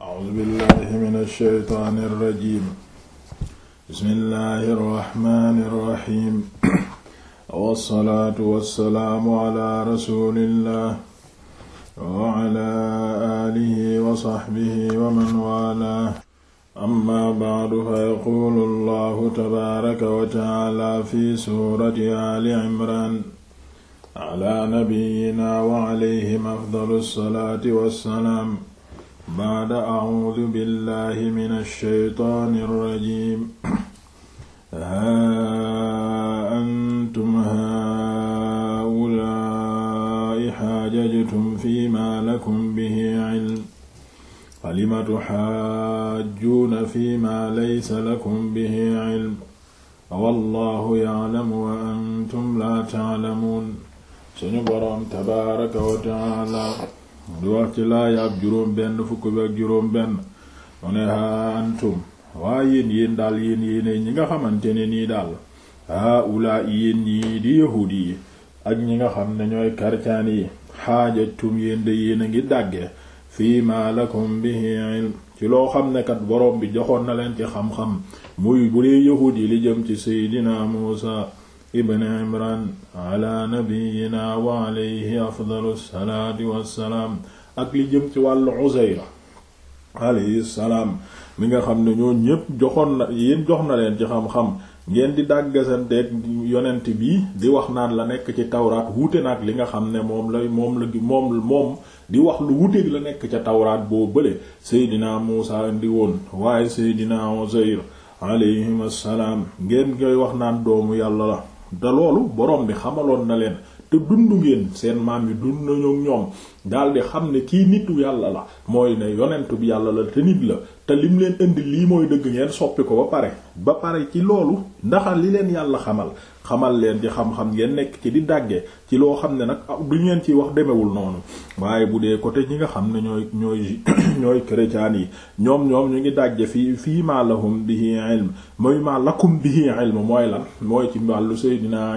A'uuzu billaahi mina shaytaani rajiim bismillaahi rahmaani rahiim wassalaatu wassalaamu alaa rasuulillaah wa alaa aalihi wa sahbihi wa man waalaah amma ba'du fa yaquulu Allaahu tabaaraka wa ta'aalaa fi suurati Aali Imraan alaa nabiyyinaa wa alayhim afdalu salaati wassalaam baada acuudu billahi min alsheytaani alrajim haa antum haa'ulaa'i xaajajtum fiimaa lakum bihi cilm falima tuxaajjuuna fiimaa laysa lakum bihi cilm wallahu yaclamu wa antum laa taclamuun suñu boroom tabaaraka wa tacaala di wax ci laayaab juróom benn fukk bi ak juróom benn mu ne waa yéen yéen daal yéen yéene ñi nga xamante ne nii daal haa ulaa yéen ñi di yahuud yi ak ñi nga xam ne ñooy karcaan yi xaajatum yéen de yéen a ngi dàgge fii ma lakum bihi ilm ci loo xam ne kat boroom bi joxoon na leen ci xam-xam muy bu dee yahuud yi li jëm ci seydina Muusa ibn imran ala nabiyina wa alayhi afdalu salaati wassalaam ak li jëm ci wàllu uzayra alayhi salaam mi nga xam ne ñoo ñépp joxoon na yéen jox na leen ci xam-xam ngeen di dàggasanteeg yonent bi di wax naan la nekk ci tawraat wuute nag li nga xam ne moom la moom la moom moom di wax lu wuuteeg la nekk ca tawraat boo bële seydinaa Muusaa indi woon waaye seydinaa Uzayr alayhim assalaam ngeen koy wax naan doomu yàlla la da loolu borom bi xamaloon na leen te dund ngeen seen maam yi dund nañu ñoom daal di xam ne kii nitu yàlla la mooy ne yonentu yàlla la te nit la te lim leen indi lii mooy dëgg ngeen soppi ko ba pare ba pare ci loolu ndax li leen yàlla xamal xamal leen ci xam-xam ngeen nekk ci di dàgge ci loo xam ne nag ah, du ngeen ciy wax demewul noonu waaye bu dee côté ñi nga xam ne ñooy ñooy ñooy chrétiens yi ñoom ñoom ñu ngi dàgge fii fii ma lahum bihi ilm mooy ma lakum bihi ilm mooy lan mooy ci wàllu Seydina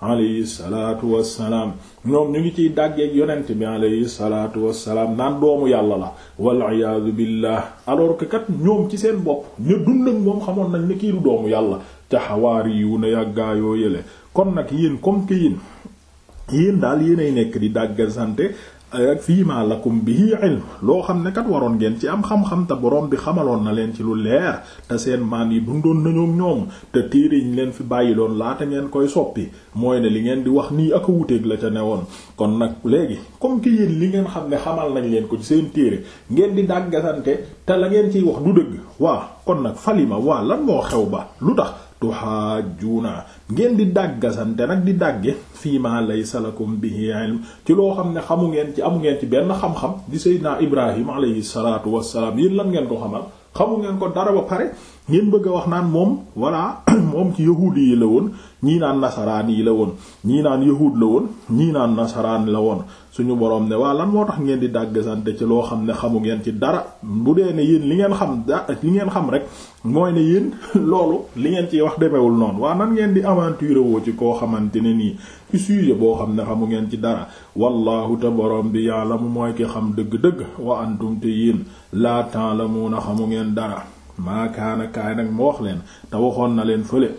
alayhi salaatu wassalaam ñoom ñu ngi ciy dàggeek yonent bi alayhi salaatu wassalaam naan doomu yàlla la waliyaadu billah alors que kat ñoom ci seen bopp ñu dundam moom xamoon nañ ni kii du doomu yàlla te xawaari yu ne yàggaayoo yële kon nag yéen comme que yéen yéen daal yéenay nekk di dàggasante ak fii ma lakum bihi ilm loo xam ne kat waroon ngeen ci am xam-xam te borom bi xamaloon na leen ci lu leer te seen maan yi dundoon nañoo ñoom te téere ñu leen fi bàyyi bàyyiloon laata ngeen koy soppi mooy ne li ngeen di wax nii aka wuuteeg la ca woon kon nag léegi comme que yéen li ngeen xam ne xamal nañ leen ko ci seen téere ngeen di dàggasante te la ngeen ciy wax du dëgg waa kon nag falima waa lan moo xew ba lu tax. naa ngeen di dàggasante nag di dàgge fii ma laysa lakum bihi ilm ci loo xam ne xamu ngeen ci amu ngeen ci benn xam-xam di seydinaa ibrahim alayhi salaatu wassalaam yéen lan ngeen ko xamal xamu ngeen ko dara ba pare ngeen bëgg a wax naan moom voilà moom ci yahuud yi la woon ñii naan nasaraan yi la woon ñii naan yahuud la woon ñii naan nasaraan la woon suñu borom ne waa lan moo tax ngeen di dàggsante ci loo xam ne xamu ngeen ci dara bu dee ne li ngeen xam da ngeen xam rek mooy ne loolu li ngeen ciy wax demewul noonu waa nan ngeen di aventure woo ci koo xamante ne nii ci boo xam ne xamu ngeen ci dara wallahu te borom bi ya'lamu mooy ki xam dëgg-dëgg wa antum te la laa ta'lamuna xamu ngeen dara maakaana kaay nag ma wax leen te waxoon na leen fële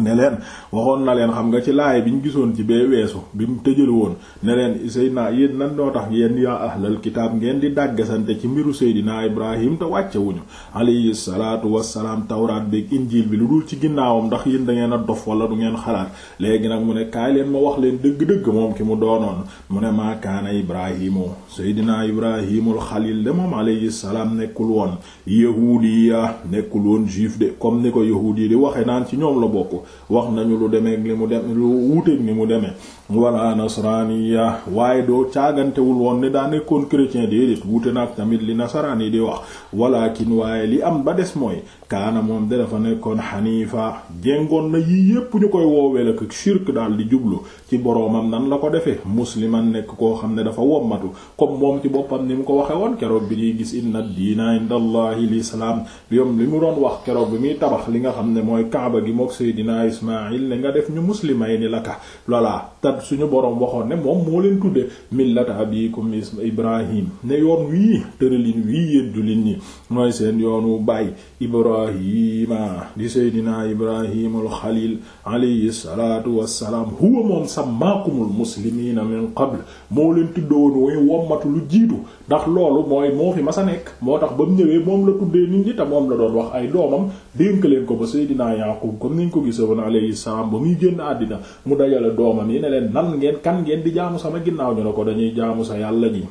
ne leen waxoon na leen xam nga ci laay bi ñu gisoon ci bee weesu bi mu tëjal woon ne leen Seydina yéen nan noo tax yéen yaa ahlal kitaab ngeen di dàggasante ci mbiru Seydina Ibrahim te wàcce wuñu alayhi salaatu wassalaam tawraat beeg injiil bi lu dul ci ginnaawam ndax yéen da ngeen a dof wala du ngeen xalaat léegi nag mu ne kaay leen ma wax leen dëgg-dëgg moom ki mu doonoon mu ne maa kaana Ibrahimu Seydina Ibrahimul xaliil de moom alayhi salaam nekkul woon yahuudi nekkul woon juif de comme ni ko yahuudi di waxe naan ci ñoom la bokk boobu wax nañu lu demeek li mu dem lu wuuteeg ni mu demee wala nasraniya waaye doo caagantewul woon ne daa nekkoon chrétien déedéet wuute na ak tamit li nasaraan yi di wax walakin waaye li am ba des mooy kaanam moom de dafa nekkoon xaniifa jengoon na yii yépp ñu koy woowee la ak shirk daal di jublu ci boroomam nan la ko defee musliman nekk koo xam ne dafa wommatu comme moom ci boppam ni mu ko waxe woon keroog bi ñuy gis inna diina indallahi lislaam yoom li mu doon wax keroog bi muy tabax li nga xam ne mooy kaaba gi mook seydina seydina ismail ne nga def ñu muslimay ni la ka loolaa tat suñu boroom waxoon ne moom moo leen tudde millata abikum ibrahim ne yoon wii tëralin wii yéen jullit ñi mooy seen yoonu baay ibrahima di seydinaa ibrahimul xalil alayhi salaatu wassalaam huwa moom sammaakumul muslimiina min qabl moo leen tuddoon woy wommatu lu jiitu ndax loolu mooy moo fi sa nekk moo tax ba mu ñëwee moom la tuddee nit ñi te moom la doon wax ay doomam dénk leen ko ba seydinaa yaqub comme niñ ko gisoon alayhi salaam ba muy génn àddina mu dajale doomam leen nan ngeen kan ngeen di jaamu sama ginnaaw ñu ne ko dañuy jaamu sa yàlla ji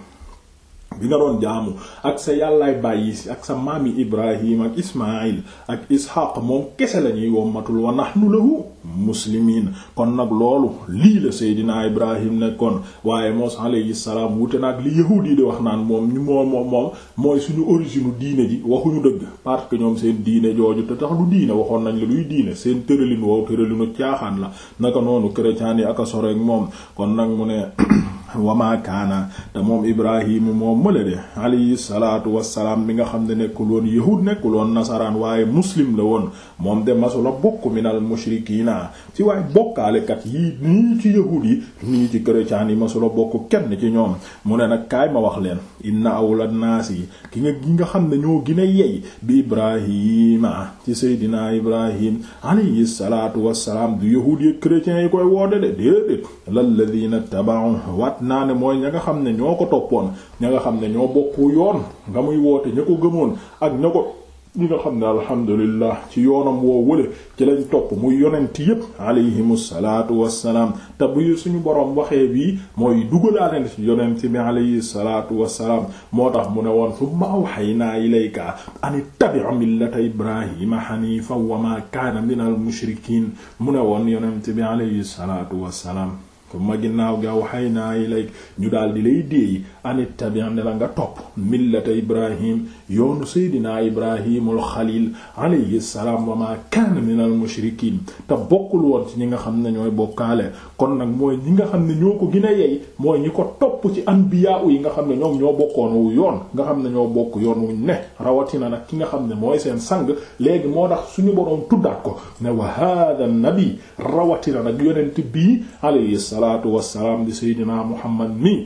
bi nga doon jaamu ak sa yàllaay bàyyi si ak sa maam yi Ibrahim ak Ismaïl ak Ishaq moom kese la ñuy wommatul wa nahnu lahu muslimiin kon nag loolu lii la Seydina Ibrahim nekkoon waaye moos alayhi salaam wute nag li yahuud yi di wax naan moom ñu moom moom moom mooy suñu origine diine ji waxuñu dëgg parce que ñoom seen diine jooju te tax du diine waxoon nañ la luy diine seen tëralin wow tëralinu caaxaan la naka noonu chrétien yi ak a soreek moom kon nag mu ne wama kaana te moom ibrahima moom mëla de alayhi salaatu wassalaam mi nga xam ne nekkul woon yahud nekkul woon nasaraan waaye muslim la woon moom de masula bokk minal mushrikiina ci waaye bokkaalekat yi nii ci yahud yi nii ci chrétien yi masula bokk kenn ci ñoom mu ne nag kaay ma wax leen inna awla naasi ki nga gi nga xam ne ñoo gën a yey bi ibrahima ci seydinaa ibrahim alayhi salaatu wassalaam du yahud yi chrétien yi koy woode de déedéet la taba'u wat wat naa ne mooy ña nga xam ne ñoo ko toppoon ña nga xam ne ñoo bokku yoon nga muy woote ña ko gëmoon ak ña ko ñi nga xam ne alhamdulillah ci yoonam woo wële ci lañ topp muy yonent yépp alayhimu salaatu wassalaam te bu suñu borom waxee bii mooy dugalaale ci yonent bi alayhi salaatu wassalaam moo tax mu ne woon summa awhaynaa ilayka ani tabi'a millata ibrahima haniifan wa maa kaana minal mushrikiin mu ne woon yonent bi alayhi salaatu salaam comme ma ginnaaw gi awhaynaa ilayka ñu daal di lay déey anit tabi' ne la nga topp millata ibrahim yoonu seydinaa ibrahimul xalil alayhi salaam wa ma kaana minal mushrikiin te bokkul woon ci ñi nga xam ne ñooy bokkaale kon nag mooy ñi nga xam ne ñoo ko gën a yey mooy ñi ko topp ci anbiyaa yi nga xam ne ñoom ñoo bokkoon wu yoon nga xam ne ñoo bokk yoon wu ne rawatina nag ki nga xam ne mooy seen sang léegi moo tax suñu boroom tuddaat ko ne wa haada nag salaatu wassalaam di seydinaa muhammad mi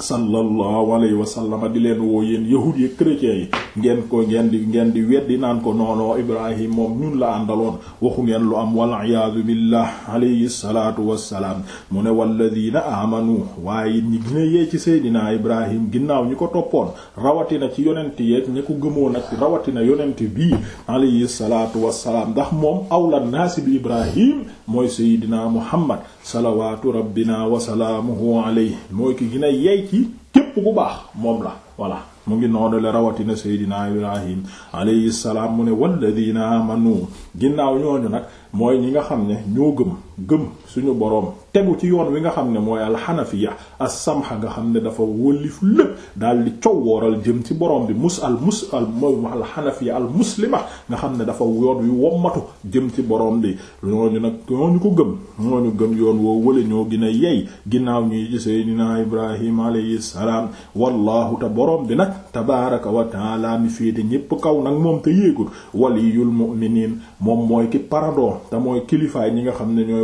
sallallahu alayhi wa sallam di leen woo yéen yahud yi chrétiens yi ngeen ko ngeen di ngeen di weddi naan ko noonoo ibrahim moom ñun la àndaloon waxu ngeen lu am wal iyaadu billah alayhi salaatu wassalaam mu ne walladina amanu waaye it ñi gine yee ci seydinaa ibrahim ginnaaw ñi ko toppoon rawatina ci yonent yeeg ñi ko gëmoon ak rawatina yonent bii alayhi salaatu wassalaam ndax moom awla naasi bi ibrahim mooy seydinaa muhammad salawaatu rabbina wasalaamuhu alayhi mooy ki gina a yey ci képp ku baax moom la voilà mu ngi noonu la rawatina seydinaa ibrahim alayhi salaam mu ne walladina amanu ginnaaw ñooñu nag mooy ñi nga xam ne ñoo gëm gëm suñu boroom tegu ci yoon wi nga xam ne mooy alxanafiya as-samha nga xam ne dafa wëllif lépp daal di cow wooral jëm ci boroom bi mus al mus al mooy alxanafiya al muslima nga xam ne dafa yoon wi wommatu jëm ci boroom bi ñooñu nag ñooñu ko gëm ñooñu gëm yoon woo wële ñoo gën a yey ginnaaw ñuy ci seydinaa ibrahim alayhi salaam wallahu te boroom bi nag tabaaraka wa taala mi féete ñépp kaw nag moom te yéegul waliyul mu'miniin moom mooy ki paradon te mooy kilifaay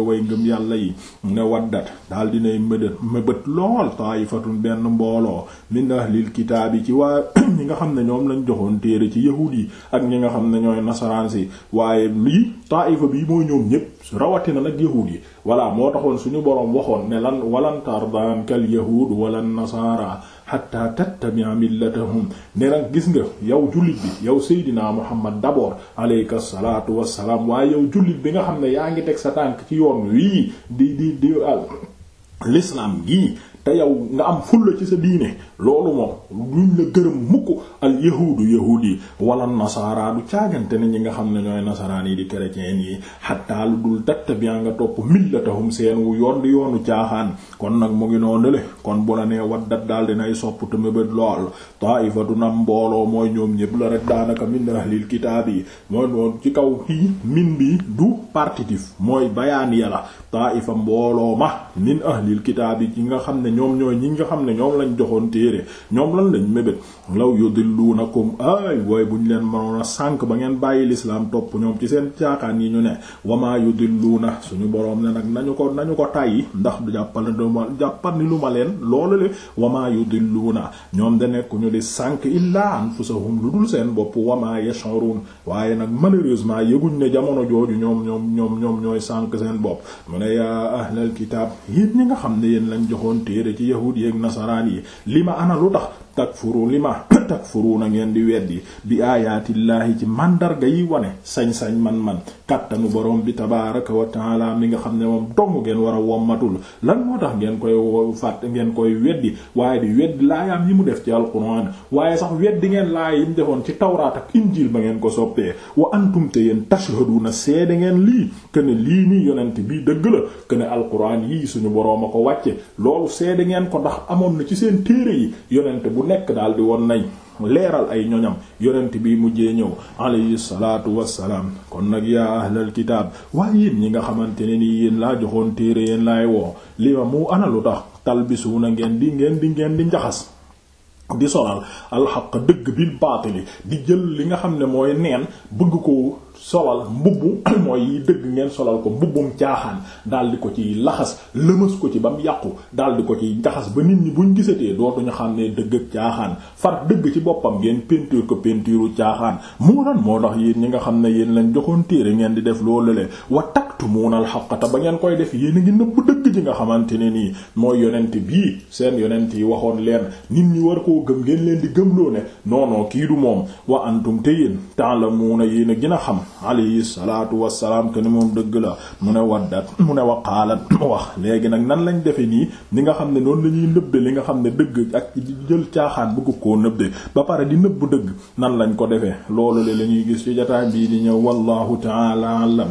way ngëm yàlla yi ne waddat daal dinay mëbët mëbët lool taayifatun benn mbooloo min ahlil kitaab yi ci waa ñi nga xam ne ñoom lañ joxoon téere ci yahuud yi ak ñi nga xam ne ñooy nasaraan si waaye lii taaifa bi mooy ñoom ñépp rawatina nag yahuud yi voilà moo taxoon suñu boroom waxoon ne lan walan tardan kal yahuud walan nasaara hatta tattabi'a millatahum ne gis nga yow jullit bi yow Seydina Muhammad d'abord aleyka salaatu wassalaam waaye yow jullit bi nga xam ne yaa ngi teg sa tànk ci yoon wii di di di l'islam gii te yow nga am fulla ci sa diine loolu moom duñ la gërëm mukk al yahuudu yahuud yi wala nasaara du caagante ne ñi nga xam ne ñooy nasaraan yi di chrétiens yi xataa lu dul tattabi'a nga topp millatahum seen wu yoon di yoonu caaxaan kon nag mu ngi noonu le kon bu la nee wat waddat daal dinay sopp te mébét lool ta'ifatun am mbooloo mooy ñoom ñépp la rek daanaka min ahlil kitaab yi mooy noonu ci kaw kii min bi du partitif mooy bayaan yàlla ta'ifa mbooloo ñoom ñooy ñi nga xam ne ñoom lañ joxoon téere ñoom lan lañ mébét law yudilluunakum ay wooy bu ñu leen mënoon a sànk ba ngeen bàyyi lislaam topp ñoom ci seen caaxaan yi ñu ne wamaa yudilluuna suñu boroom ne nag nañu ko nañu ko tàyyi ndax jàppal duma jàppal lu ma leen loolu le wamaa yudilluuna ñoom da nekkuñu di sànk illaa anfusahum lu dul seen bopp wamaa yash'urun waaye nag malheureusement yëguñ ne jamono jooju ñoom ñoom ñoom ñoom ñooy sànk seen bopp mu ne ahlal kitaab yéen ñi nga xam ne yéen lañ joxoon téere de ci yahud yeeg nasaraan yi li ma ana lu tax takfuru li ma takfuru na ngeen di weddi bi aayaatillaahi ci mandarga yi wane sañ-sañ man-man kàttanu boroom bi tabaaraka wa taala mi nga xam ne moom dong ngeen war a wommatul lan moo tax ngeen koy fàtt ngeen koy weddi waaye di weddi laayaam yi mu def ci alquran waaye sax weddi ngeen laaya yi mu defoon ci tawraat ak injil ba ngeen ko soppee wa antum te yéen tashhaduna seede ngeen lii kene lii nii yonent bii dëgg la kene alquran yii suñu boroom a ko wàcce dee ngeen ko ndax amoon na ci seen téere yi yonent bu nekk daal di woon nañ leeral ay ñoñam yonent bi mujjee ñëw alayhi salaatu wassalaam kon nag yaa ahlal kitaab waaye yéen ñi nga xamante ne nii yéen laa joxoon téere yéen laay woo li ma mu ana lu tax talbisuuna ngeen di ngeen di ngeen di njaxas di solal alxaq dëgg bil baatili di jël li nga xam ne mooy neen bëgg ko solal mbubb mooy yi dëgg ngeen solal ko mbubbum caaxaan daal di ko ci laxas lëmas ko ci ba yàqu daal di ko ci jaxas ba nit ñi buñ gisatee ñu xam ne dëgg ak caaxaan far dëgg ci boppam ngeen peinture ko peinture caaxaan moo lan moo tax yéen ñi nga xam ne yéen lañ joxoon téere ngeen di def loolu le taktumuuna al-haqqa te ba ngeen koy def yéen a ngi nëbb dëgg ji nga xamante ne nii mooy yonent bii seen yonent yi waxoon leen nit ñi war koo gëm ngeen leen di gëmloo ne non non moom wa antum te yéen ta'lamuuna yéen a gën xam alayhi salaatu wassalaam ke ni moom dëgg la mu ne waddat mu ne waqaalat mu wax léegi nag nan lañ defe nii li nga xam ne noonu la ñuy li nga xam ne dëgg ak jël caaxaan bëgg koo nëbbe ba pare di nëbb dëgg nan lañ ko defee loolu le la ñuy gis ci jotaay bii di ñëw wallahu ta'ala alam